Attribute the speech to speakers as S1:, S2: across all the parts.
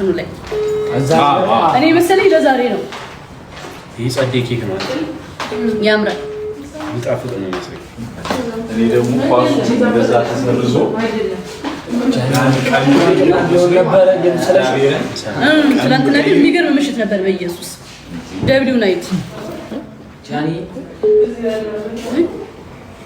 S1: እንትኑ ላይ እኔ መሰለኝ ለዛሬ ነው።
S2: ይህ ጸዴ ኬክ ነው፣
S1: ያምራል፣ ይጣፍጥ ነው መሰለኝ። እኔ ደግሞ ኳሱ በዛ ተሰርዞ ትናንትና ግን የሚገርም ምሽት ነበር። በኢየሱስ ደብሊው ናይት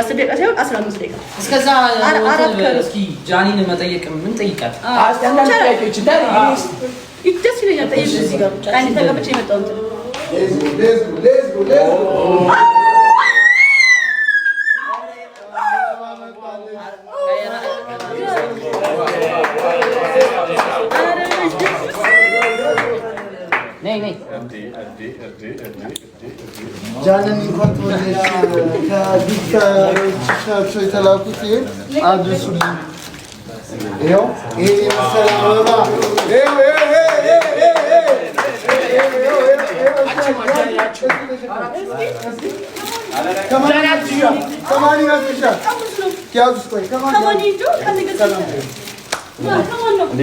S1: አስር ደቂቃ ሳይሆን አስራ አምስት ደቂቃ
S3: እስከዛ እስኪ ጃኒን መጠየቅ ምን ጠይቃት
S1: ደስ ይለኛል። ጠይቅ እዚህ ጋር ቃይነት ተቀብቼ የመጣው
S2: እንትን
S1: ነይ ነይ
S4: جانن میخواد توضیح که دیگه چشا چوی تلاقیتی آدرس رو ایو ایو سلام بابا
S2: ایو ایو ایو
S4: کمانی بسیار کیا دوست کوی
S1: کمانی جو کنید سلام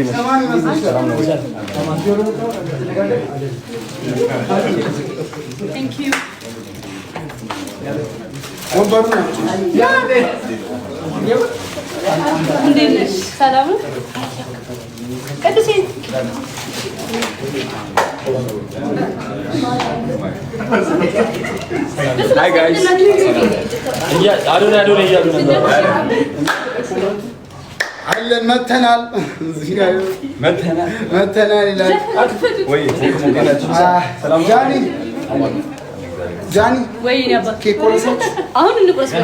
S4: کمانی بسیار Thank you. Onları mı yapacağız? Yani.
S1: እንዴት ነሽ? ሰላም ነው። ቅዱሴ
S2: አዶና አዶና እያሉ ነበር
S4: አለን መተናል መተናል ይላል። ጃኒ
S1: ኬክ ቆረሰ። አሁን በቃ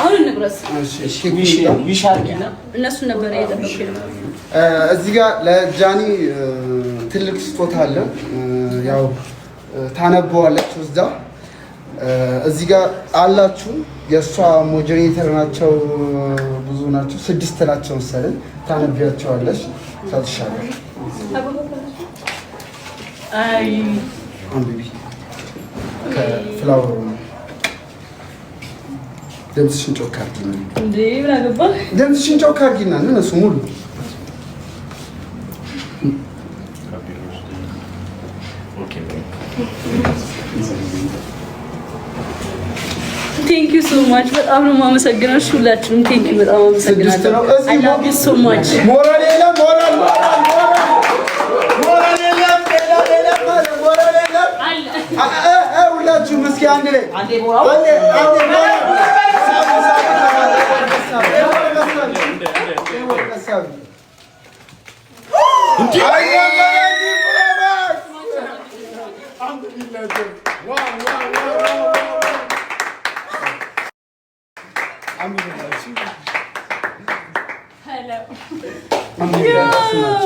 S1: አሁን
S4: እዚህ ጋር ለጃኒ ትልቅ ስጦታ አለ። ያው ታነበዋለች እዛ እዚህ ጋር አላችሁ። የእሷ ሞጀኔተር ናቸው፣ ብዙ ናቸው፣ ስድስት ናቸው መሰለኝ። ታነቢያቸዋለች። ሰጥሻለሁ። ከፍላወሩ ነው። ደምስሽን ጮክ
S1: አድርጊና
S4: ደምስሽን ጮክ አድርጊና እነሱ ሙሉ
S1: ቴንክ ዩ ሶ ማች በጣም ነው የማመሰግነው። ሁላችንም ቴንክ ዩ በጣም አመሰግናለሁ። አይ ላቭ ዩ ሶ ማች።
S4: చూపిస్కి అంటే అంటే అంటే Hello. Yeah.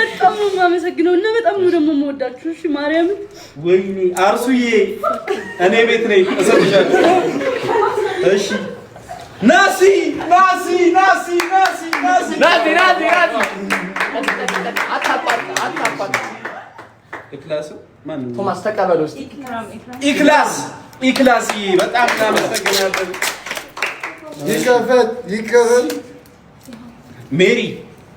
S1: በጣም ነው የማመሰግነው እና በጣም ነው ደግሞ የምወዳችሁ። እሺ ማርያምን፣
S2: ወይኔ አርሱዬ፣ እኔ ቤት ነኝ እሰጥሻለሁ። እሺ ናሲ ናሲ ናሲ ናሲ ናሲ
S3: ናሲ ናሲ ናሲ አታባጣ አታባጣ ኢክላስ ማን ቶማስ ተቀበል ውስጥ
S2: ኢክላስ ኢክላስ በጣም እናመሰግናለን።
S4: ይከፈል ይከፈል
S2: ሜሪ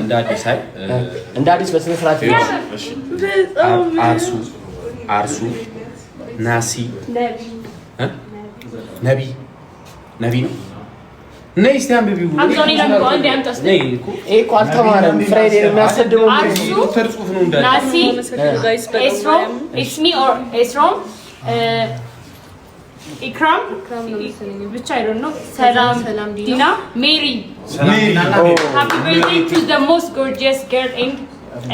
S2: እንደ አዲስ አይ
S3: እንደ አዲስ በስነ ስርዓት
S2: አርሱ አርሱ ናሲ ነቢ ነቢ ነው። ነይ እስቲ አንብቢው።
S3: እኮ አልተማረም። ፍራይዴ ነው የሚያሰድበው።
S1: ናሲ ኤስሮም ኤስሚ ኦር ኤስሮም ኢክራም ብቻ አይደል ነው። ሰላም ዲና፣ ሜሪ ሃፒ በርዝዴይ ቱ ዘ ሞስት ጎርጂየስ ገርል ኤንድ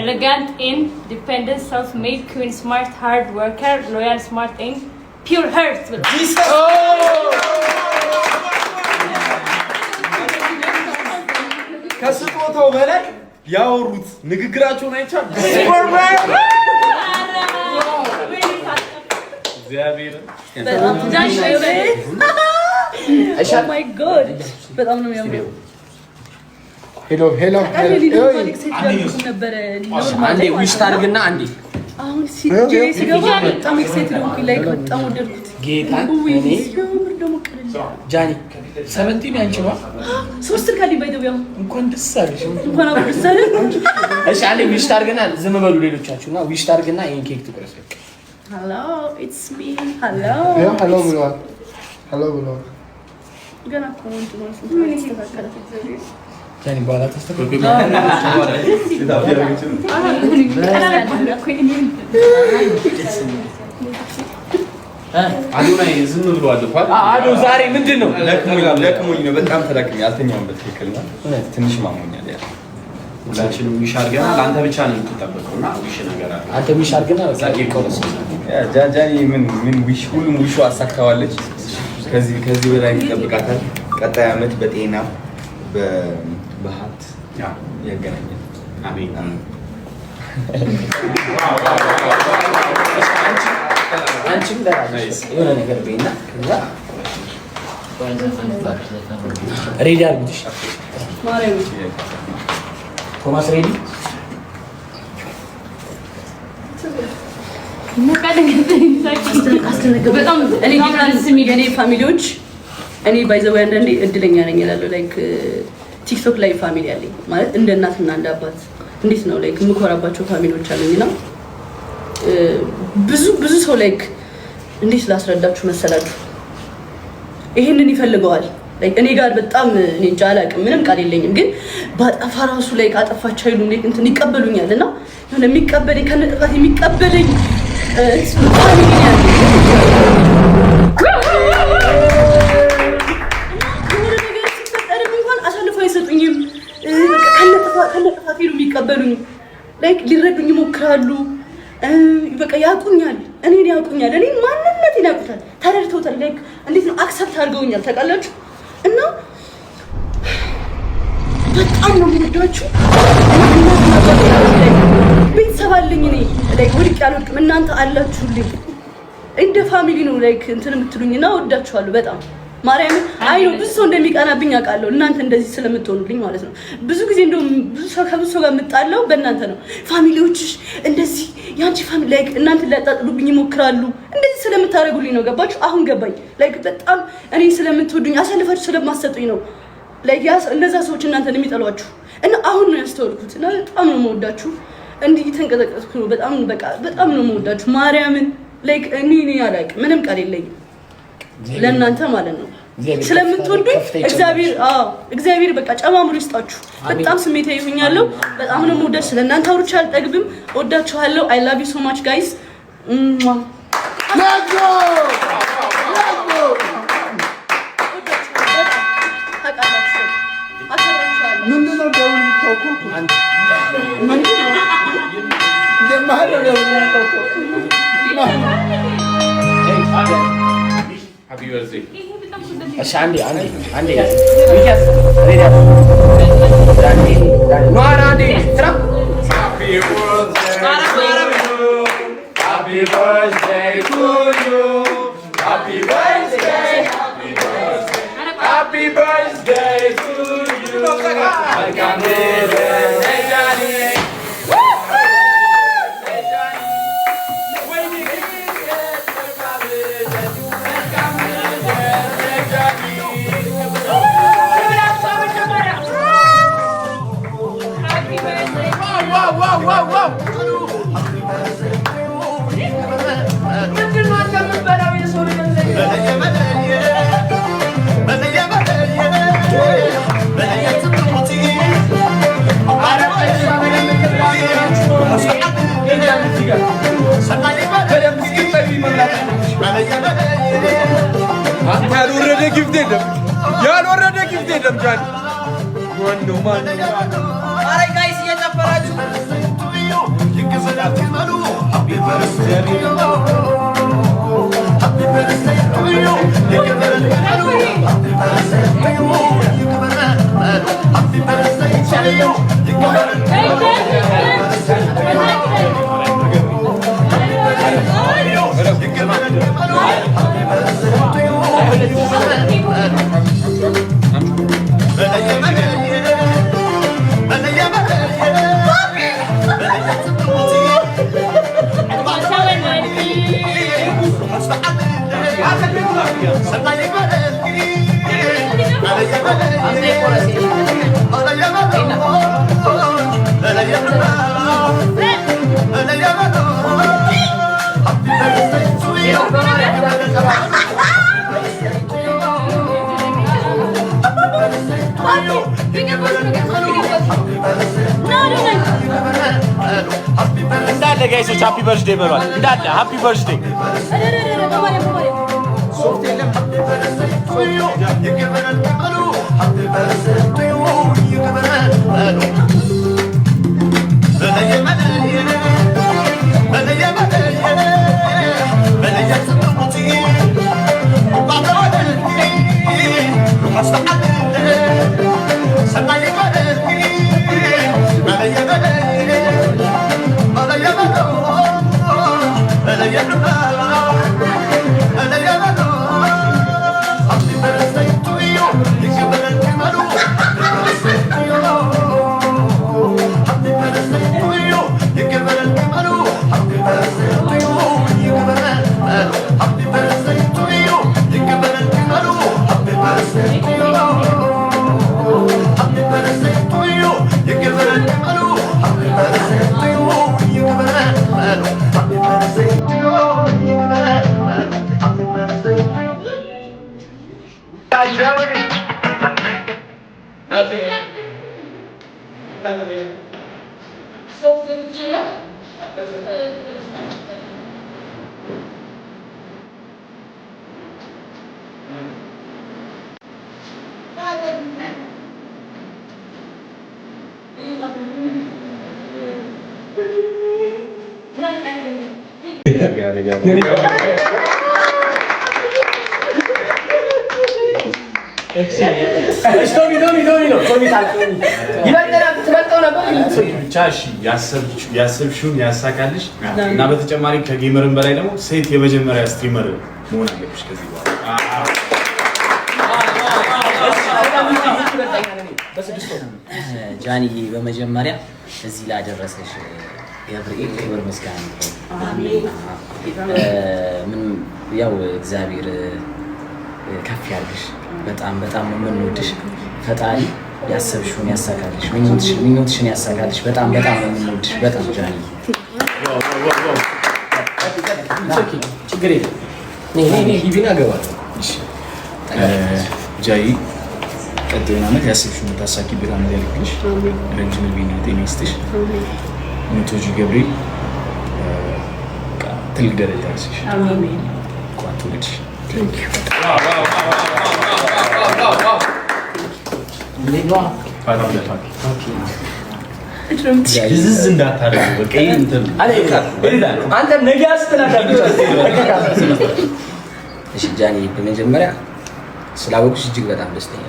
S1: ኤሌጋንት ኤንድ ዲፔንደንት ሳውዝ ሜድ ኩዊን ስማርት ሃርድ ወርከር ሎያል ስማርት ኤንድ ፒውር ሄርት
S2: ከስጦታው በላይ ያወሩት ንግግራቸውን አይቻል እግዚአብሔርን
S1: oh በጣም ነው የሚያምረው።
S4: ሄሎ ሄሎ
S3: አንዴ ዊሽ ታርግና
S1: እንኳን ደስ አለሽ እንኳን አብሮ ደስ አለ።
S3: እሺ አንዴ ዊሽ ታርግና ዝም በሉ ሌሎቻችሁ ዊሽ ታርግና ይሄን ኬክ ትቆረስ በቃ
S1: Hello, it's me. Hello. Yeah, hello
S4: Burak. Hello Burak.
S1: Gonna call you. Can to. the phone tomorrow from
S2: Pakistan. Yani bağlatırsak አዶና ዝም ብሎ አልፏል። አዶ ዛሬ ምንድን ነው ለክሙኝ ነው። በጣም ተዳክሜ አልተኛውም። በትክክል ነው። ትንሽ ማሞኛል ያ ሁላችንም ዊሽ አድርገናል። አንተ ብቻ ነው የምትጠበቀው እና ዊሽ
S3: ነገር አለ። አንተ ዊሽ አድርገናል።
S2: ጃጃኒ ምን ምን ዊሽ ሁሉም ዊሹ አሳካዋለች። ከዚህ ከዚህ በላይ ይጠብቃታል። ቀጣይ አመት በጤና በሀብት ያገናኛል። አሜን።
S3: አንቺም ለራስሽ የሆነ ነገር ቤና ከዛ ሬዲ አድርጉሽ ቶማስ ሬዲ
S1: ፋሚሊዎች እኔ ባይዘው አንዳንዴ እድለኛ ነኝ እላለሁ። ላይክ ቲክቶክ ላይ ፋሚሊ አለኝ ማለት እንደ እናትና እንደ አባት እንዴት ነው ላይክ የምኮራባቸው ፋሚሊዎች አለኝ እና ብዙ ብዙ ሰው ላይክ እንዴት ላስረዳችሁ መሰላችሁ ይህንን ይፈልገዋል እኔ ጋር በጣም እኔ እንጃ አላውቅም፣ ምንም ቃል የለኝም። ግን ባጠፋ ራሱ ላይ ካጠፋች አይሉ እንዴት እንትን ይቀበሉኛል እና የሆነ የሚቀበለኝ ከነ ጥፋት የሚቀበለኝ ላይክ ሊረዱኝ ይሞክራሉ። በቃ ያውቁኛል፣ እኔን ያውቁኛል፣ እኔ ማንነቴን ያውቁታል፣ ተረድተውታል። ላይክ እንዴት ነው አክሰፕት አድርገውኛል። ታውቃላችሁ እና በጣም ነው የምወዳችሁ። ቤተሰብ አለኝ እኔ ላይክ ወድቅ ያልወድቅም እናንተ አላችሁልኝ። እንደ ፋሚሊ ነው ላይክ እንትን የምትሉኝ እና ወዳችኋለሁ በጣም ማርያምን አይ ነው ብዙ ሰው እንደሚቀናብኝ አውቃለሁ። እናንተ እንደዚህ ስለምትሆኑልኝ ማለት ነው። ብዙ ጊዜ እንደውም ብዙ ሰው ከብዙ ሰው ጋር የምጣለው በእናንተ ነው። ፋሚሊዎችሽ እንደዚህ ያንቺ ፋሚሊ ላይክ እናንተ ሊያጣጥሉብኝ ይሞክራሉ። እንደዚህ ስለምታደርጉልኝ ነው። ገባችሁ? አሁን ገባኝ። ላይክ በጣም እኔ ስለምትወዱኝ አሳልፋችሁ ስለማሰጡኝ ነው። ላይክ ያስ እነዛ ሰዎች እናንተን የሚጠሏችሁ እና አሁን ነው ያስተወልኩት። እና በጣም ነው መወዳችሁ። እንዲህ ተንቀጠቀጥኩ ነው። በጣም በቃ በጣም ነው መወዳችሁ። ማርያምን ላይክ እኔ እኔ አላውቅም፣ ምንም ቃል የለኝም ለእናንተ ማለት ነው ስለምትወዱኝ እግዚአብሔር አዎ እግዚአብሔር በቃ ጨማምሮ ይስጣችሁ። በጣም ስሜታዊ ይሁኛለሁ። በጣም ነው መወዳችሁ። ስለእናንተ አውርቼ አልጠግብም። ወዳችኋለሁ። አይ ላቭ ዩ ሶ ማች ጋይስ
S2: Let's go! Let's go! Let's
S4: go. 코코 안 이제 말을 배우니까 코코
S2: Happy birthday.
S3: Shandy, Andy, Andy. We have. Andy, Andy. No, Andy.
S5: Happy birthday. Happy birthday to you. Happy birthday. Happy birthday. Happy birthday to you.
S2: whoa, whoa, whoa. አንተ ያልወረደ ግፍት የለም፣ ያልወረደ ግፍት የለም። ጃኒ ወንዶ ማን እንዳለ ጋይሶች ሀፒ በርዝዴ በሏል። እንዳለ ሀፒ በርዝዴ
S5: ሶፍት ya no la la
S3: ብቻ
S2: ያሰብሽውን ያሳካልሽ እና በተጨማሪ ከጌመርን በላይ ደግሞ ሴት የመጀመሪያ ስትሪመር መሆን አለብሽ ከዚህ በኋላ።
S3: በመጀመሪያ እዚህ ላደረሰሽ ገብርኤል ክብር ምስጋና ያው እግዚአብሔር ከፍ ያርግሽ። በጣም በጣም የምንወድሽ ፈጣሪ ያሰብሽውን ያሳካልሽ፣ ምኞትሽን ያሳካልሽ። በጣም በጣም የምንወድሽ። በጣም ጃኒ ችግር የለም አገባለሁ።
S2: ጃኒ ቀጣዩን ዓመት ያሰብሽውን ረጅም ዕድሜና ጤና ይስጥሽ። ምቶጂ ገብርኤል ትልቅ ደረጃ ያስሽ ቋንትውልድሽ ዝዝ እንዳታደርገው ጃኒ
S3: በመጀመሪያ ስላወቅሽ እጅግ በጣም ደስተኛ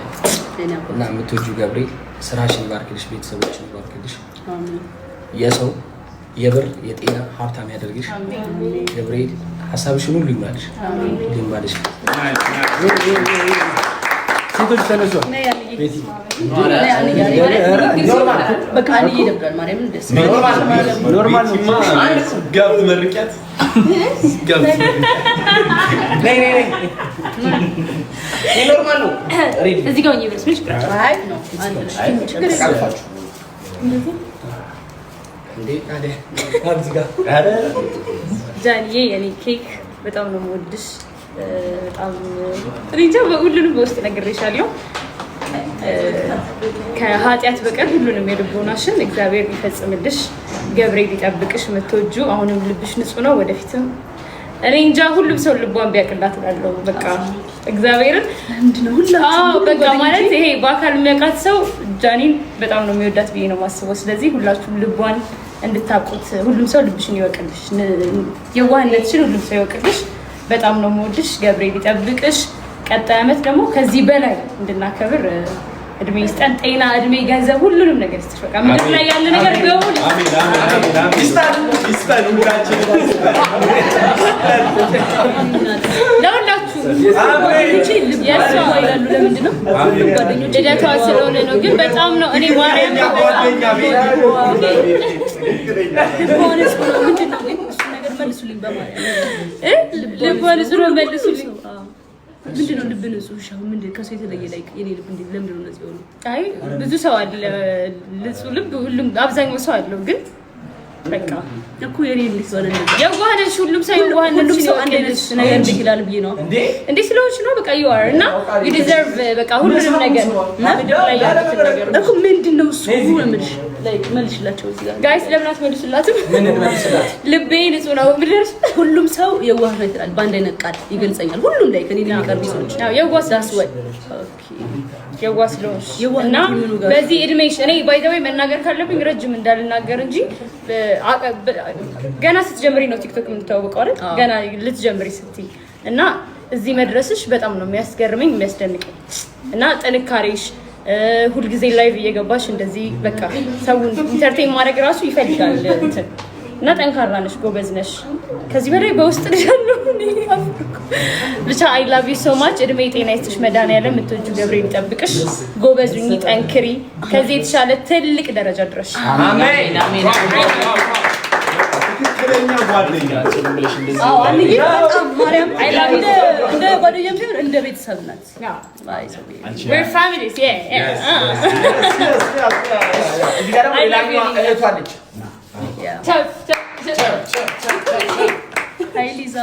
S3: እና የምትወጂው ገብርኤል ስራሽን ባርክልሽ፣ ቤተሰቦችን ባርክልሽ። የሰው የብር የጤና ሀብታም ያደርግሽ ገብርኤል ሀሳብሽን ሁሉ ይሙላልሽ። ይሙላልሽ። ሴቶች ተነሱ። ኖርማል
S2: ነው።
S1: ጃንዬ የኔ ኬክ በጣም ነው የምወድሽ። በጣም እንጃ ሁሉንም በውስጥ ነግሬሻለሁ። ከኃጢአት በቀር ሁሉንም የልቦናሽን እግዚአብሔር ሊፈጽምልሽ፣ ገብርኤል ሊጠብቅሽ። የምትወጁ አሁንም ልብሽ ንጹህ ነው። ወደፊትም እኔ እንጃ ሁሉም ሰው ልቧን ቢያቅላት እላለሁ። በቃ እግዚአብሔርን በቃ ማለት ይሄ በአካል የሚያውቃት ሰው ጃኒን በጣም ነው የሚወዳት ብዬ ነው የማስበው። ስለዚህ ሁላችሁም ልቧን እንድታውቁት ሁሉም ሰው ልብሽን ይወቅልሽ፣ የዋህነትሽን ሁሉም ሰው ይወቅልሽ። በጣም ነው የምወድሽ። ገብርኤል ይጠብቅሽ። ቀጣይ ዓመት ደግሞ ከዚህ በላይ እንድናከብር እድሜ ይስጠን፣ ጤና፣ እድሜ፣ ገንዘብ፣ ሁሉንም ነገር ይስጥሽ። በቃ ምድር ላይ ያለ ነገር ልደቷ ስለሆነ ነው። ግን በጣም ነው እኔ ማርያም መልሱልኝ፣ በማርያም መልሱልኝ ምንድን ነው ልብ ንጹህ? እሺ ምንድን ከሰው የተለየ ላይ የኔ ልብ እንዴት ለምንድን ነው ንጹህ የሆነው? አይ ብዙ ሰው አለ ንጹህ ልብ፣ ሁሉም አብዛኛው ሰው አለው። ግን በቃ እኮ የኔ ልጅ ሆነ እንደዚህ የዋህ ሁሉም ሰው የዋህ ነሽ። አንድ ነሽ ነገር እንዴ ይላል ብዬ ነው እንዴ ስለሆንሽ ነው። በቃ you are እና you deserve በቃ ሁሉንም ነገር እና ምንድን ነው እሱ ነው የምልሽ ጋይስ ለምን አትመልሱላትም? ልቤ ንጹህ ነው። ሁሉም ሰው የዋህ ነው ይላል። በአንድ ይነቃል ይገልጸኛል። ሁሉም ላይ ከኔ የሚቀርቡ ሰዎች የዋህ ስለሆንሽ እና በዚህ እድሜሽ እኔ ባይዘወይ መናገር ካለብኝ ረጅም እንዳልናገር እንጂ ገና ስትጀምሪ ነው ቲክቶክ የምትታወቀው አይደል? ገና ልትጀምሪ ስትይ እና እዚህ መድረስሽ በጣም ነው የሚያስገርመኝ የሚያስደንቀኝ እና ጥንካሬሽ ሁልጊዜ ላይቭ እየገባሽ እንደዚህ በቃ ሰውን ኢንተርቴን ማድረግ ራሱ ይፈልጋል እንትን እና ጠንካራ ነሽ፣ ጎበዝ ነሽ። ከዚህ በላይ በውስጥ ልጅ ብቻ አይ ላቭ ዩ ሶ ማች። እድሜ ጤና ይስጥሽ፣ መድኃኒዓለም የምትወጁ ገብሬ ይጠብቅሽ። ጎበዙኝ፣ ጠንክሪ፣ ከዚህ የተሻለ ትልቅ ደረጃ ድረሽ። አሜን አሜን። ትክክለኛ ጓደኛ እንደ ጓደኛ እንደ ቤተሰብ ናት። ሊዛ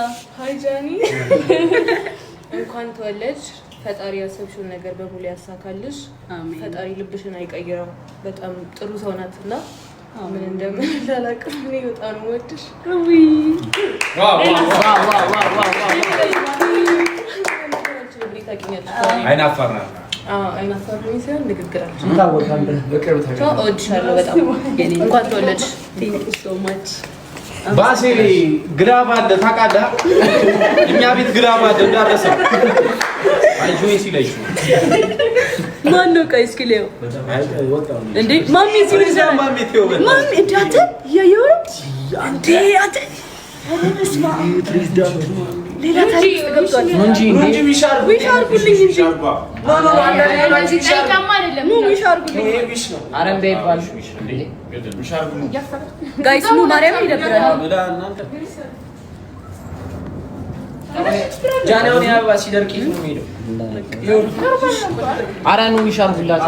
S1: ጃኒ uh-huh. እንኳን ተወለድሽ። ፈጣሪ ያሰብሽውን ነገር በሙሉ ያሳካልሽ። ፈጣሪ ልብሽን አይቀይረው። በጣም ጥሩ ሰው ናት እና ምን እንደምልህ አላውቅም። ነው የምወድሽ። አይናፋር ሲሆን ንግግራችን እወድሻለሁ በጣም እንኳን ተወለድሽ። ባሴ ግዳብ አለ ታውቃለህ? እኛ ቤት አለ እንዳረሰው አይጆይ ሲለሽ ማን ነው? ቆይ እስኪ ለው እንዴ ማሚ ሲልዛ ማሚ ቴው ማሚ እንዳተ ያየው እንዴ አተ ጋይስ ማርያም ይደብራል ጃንሆን አበባ ሲደርቅ ነው የሚሄደው። ኧረ ነው ይሻርጉላት።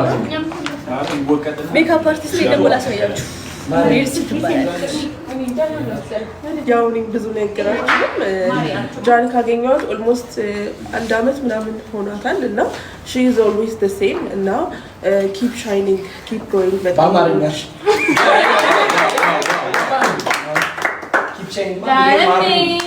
S1: ሜካፕ አርቲስት ደግሞ ላሳያችሁ። ያው እኔ ብዙ ነገራችንም ጃን ካገኘኋት ኦልሞስት አንድ አመት ምናምን ሆኗታል እና ሺ ኢዝ ኦልዌይስ ዘ ሴም እና ኪፕ ሻይኒንግ ኪፕ ጎይንግ በጣም ኪፕ ሻይኒንግ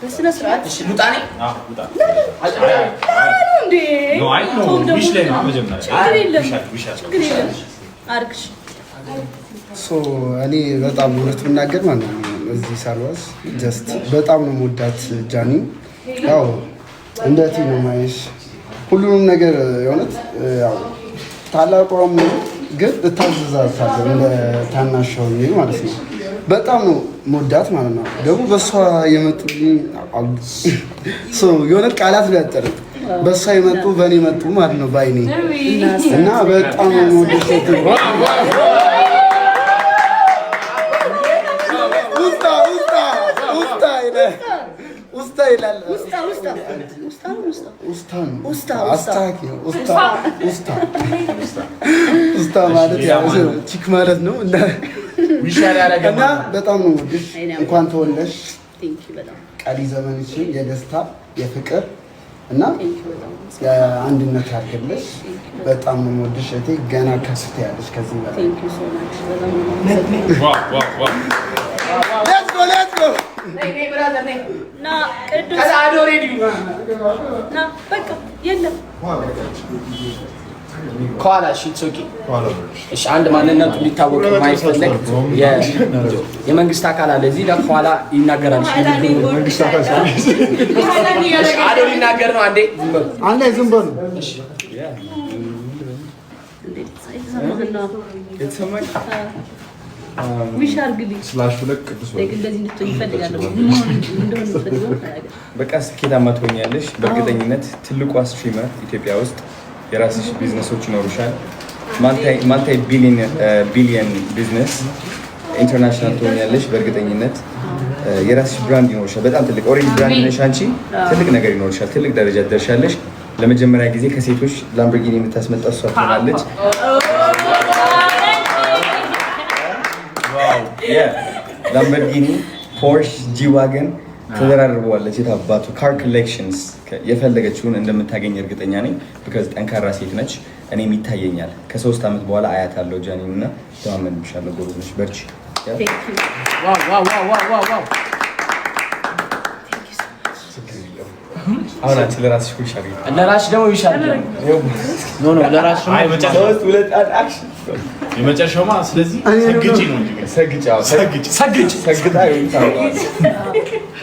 S1: በስነ ስርዓት እሺ። ልውጣ እኔ በጣም እውነት ብናገር ማለት ነው እዚህ ሳልዋስ ጀስት በጣም ነው የምወዳት ጃኒ። ያው እንደ ነው የማይሽ ሁሉንም ነገር የእውነት ታላቋም ግን እታዘዛታለሁ እንደ ታናሽ ሆኜ ማለት ነው በጣም ነው መወዳት ማለት ነው። ደግሞ በእሷ የመጡ የሆነ ቃላት ሊያጠርጥ በእሷ የመጡ በእኔ መጡ ማለት ነው ባይኔ እና በጣም ነው ውስታ ማለት ቺክ ማለት ነው። እና በጣም ነው ወድሽ። እንኳን ተወለሽ ቀሪ ዘመንሽን የደስታ የፍቅር እና አንድነት ያድርግልሽ። በጣም ነው የምወድሽ እቴ ገና ከስት ያለሽ ከዚህ በላይ ከኋላ ሽቶቂ እሺ፣ አንድ ማንነቱ ሊታወቅ የማይፈለግ የመንግስት አካል አለ። እዚህ ከኋላ ይናገራል። አዶ ሊናገር ነው። አንዴ አንዴ ዝም በሉ። በቃ ስኬታማ ትሆኛለሽ በእርግጠኝነት። ትልቋ ስትሪመር ኢትዮጵያ ውስጥ የራስሽ ቢዝነሶች ይኖሩሻል። ማልቲ ቢሊየን ቢዝነስ ኢንተርናሽናል ትሆኛለሽ በእርግጠኝነት። የራስሽ ብራንድ ይኖርሻል። በጣም ትልቅ ኦሬንጅ ብራንድ ነሽ አንቺ። ትልቅ ነገር ይኖርሻል። ትልቅ ደረጃ ትደርሻለሽ። ለመጀመሪያ ጊዜ ከሴቶች ላምበርጊኒ የምታስመጣ እሷ ትሆናለች። ላምበርጊኒ፣ ፖርሽ፣ ጂ ዋገን ተደራርበዋለች። የት አባቱ ካር ኮሌክሽንስ የፈለገችውን እንደምታገኝ እርግጠኛ ነኝ። ቢካዝ ጠንካራ ሴት ነች። እኔም ይታየኛል። ከሶስት ዓመት በኋላ አያት አለው ጃኒን እና ተማመንብሻለሁ። ጎበዝ ነች፣ በርቺ። አሁን አንቺ ለራስሽ ኩልሽ አገኝ ለራስሽ ደግሞ ይሻል ኖ ስለዚህ ሰግጪ ነው እንጂ ሰግጪ ሰግጪ ሰግጪ ሰግጣ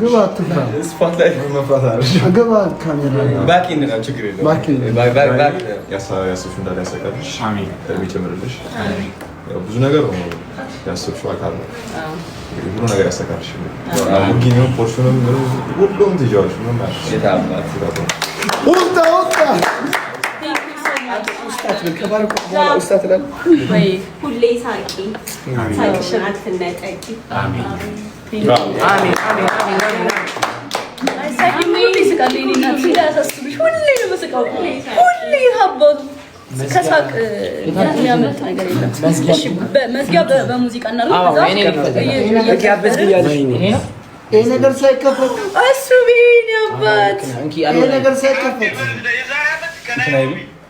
S1: Gıvat tıpa. Spotlight. Gıvat kamera. Back in Iran, çok iyiydi. Back in Back, back, back. Ja sa, ja sa şunda dese kadar. Şami. Terbiye çemiriliş. Ya bu ne kadar mı? Ya sa şu akar mı? Buna göre yasa karşı. Bu giyiniyor porşunu bilmiyorum. Vurdum diyeceğim şunu ben. Yeter abi. Utta utta. ኡስታዝ ከባረኩ በኋላ ኡስታዝ ላል ወይ ሁሌ ሳቂ ሳቂሽን አትነጠቂ። ነገር በሙዚቃ ሳይከፈት እሱ ያባት ይሄ ነገር ሳይከፈት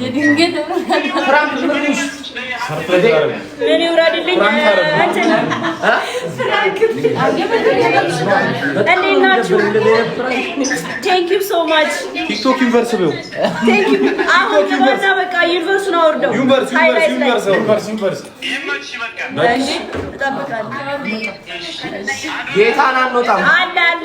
S1: ቲክቶክ ዩኒቨርስ ነው። አሁን ይወጣ በቃ ዩኒቨርሱን አወርደው ዩኒቨርስ ዩኒቨርስ ዩኒቨርስ ዩኒቨርስ ጌታን አንወጣም አለ አለ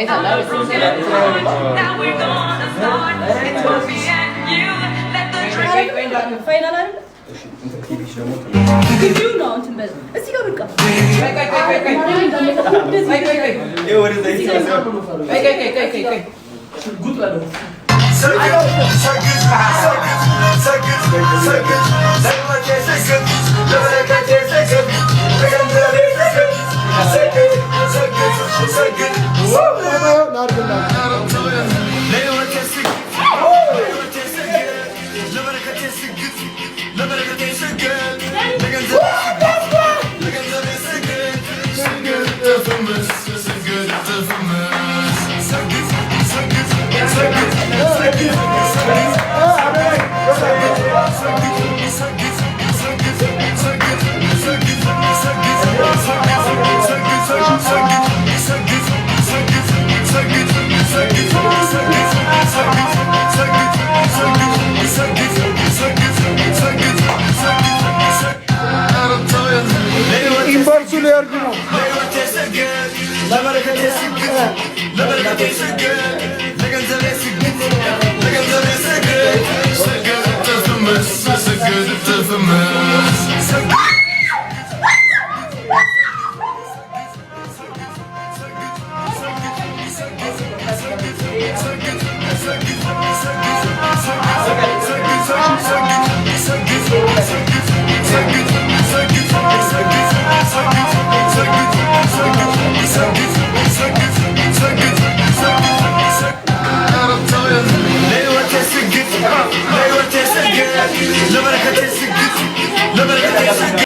S1: Hey, that was Now we're gonna start. It's gonna and you. Let the drink. Wait, wait, wait, no, no. You know I'm in bed. Let's see how it goes. Wait, wait, wait, wait, wait. Wait, wait, wait. Hey, what is that? Wait, wait, wait, wait, wait. Good lad. Circus, circus, circus, circus, circus, circus, circus, circus, circus, circus, circus, circus, circus, circus, circus, Nerede lan?